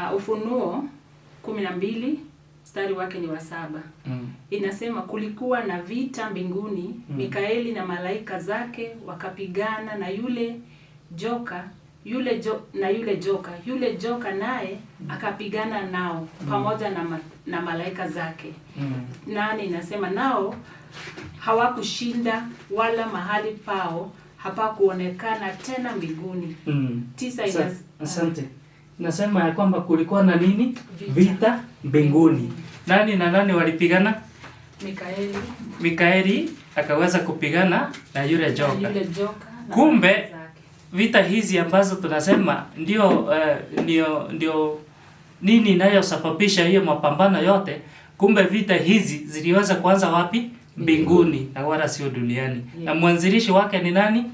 Uh, Ufunuo kumi na mbili mstari wake ni wa saba. Mm. Inasema kulikuwa na vita mbinguni, mm. Mikaeli na malaika zake wakapigana na yule joka yule jo, na yule joka yule joka naye mm. akapigana nao mm. pamoja na, ma, na malaika zake mm. Nani inasema nao hawakushinda wala mahali pao hapakuonekana tena mbinguni mm. Tisa. Asante nasema ya kwamba kulikuwa na nini? Vita mbinguni. Nani na nani walipigana? Mikaeli. Mikaeli akaweza kupigana na yule joka. Yule joka kumbe vita hizi ambazo tunasema ndio, uh, ndio, ndio nini inayosababisha hiyo mapambano yote. Kumbe vita hizi ziliweza kuanza wapi? Mbinguni na wala sio duniani. Yeah. Na mwanzilishi wake ni nani?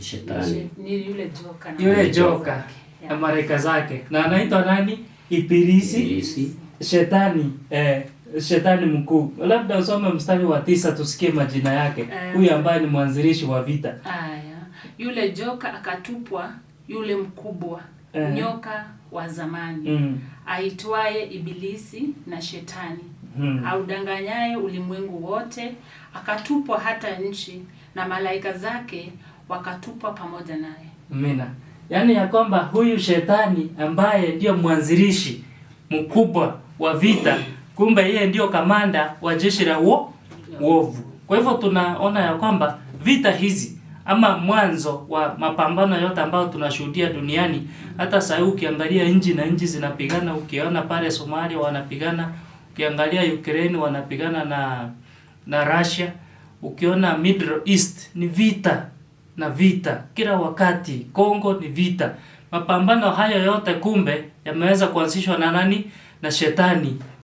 Shetani, yule joka na malaika zake, na anaitwa nani? Ibilisi, Ibilisi, shetani eh, shetani mkuu. Labda usome mstari wa tisa tusikie majina yake, eh. huyu ambaye ni mwanzilishi wa vita. Aya, yule joka akatupwa, yule mkubwa eh, nyoka wa zamani mm, aitwaye Ibilisi na shetani mm, audanganyaye ulimwengu wote, akatupwa hata nchi, na malaika zake wakatupwa pamoja naye. Amina yaani ya kwamba huyu shetani ambaye ndiyo mwanzilishi mkubwa wa vita, kumbe yeye ndiyo kamanda wa jeshi la uo uovu. Kwa hivyo tunaona ya kwamba vita hizi ama mwanzo wa mapambano yote ambayo tunashuhudia duniani, hata sasa ukiangalia nchi na nchi zinapigana, ukiona pale Somalia wanapigana, ukiangalia Ukraine wanapigana na na Russia, ukiona Middle East ni vita na vita kila wakati. Kongo ni vita. Mapambano haya yote kumbe yameweza kuanzishwa na nani? Na shetani.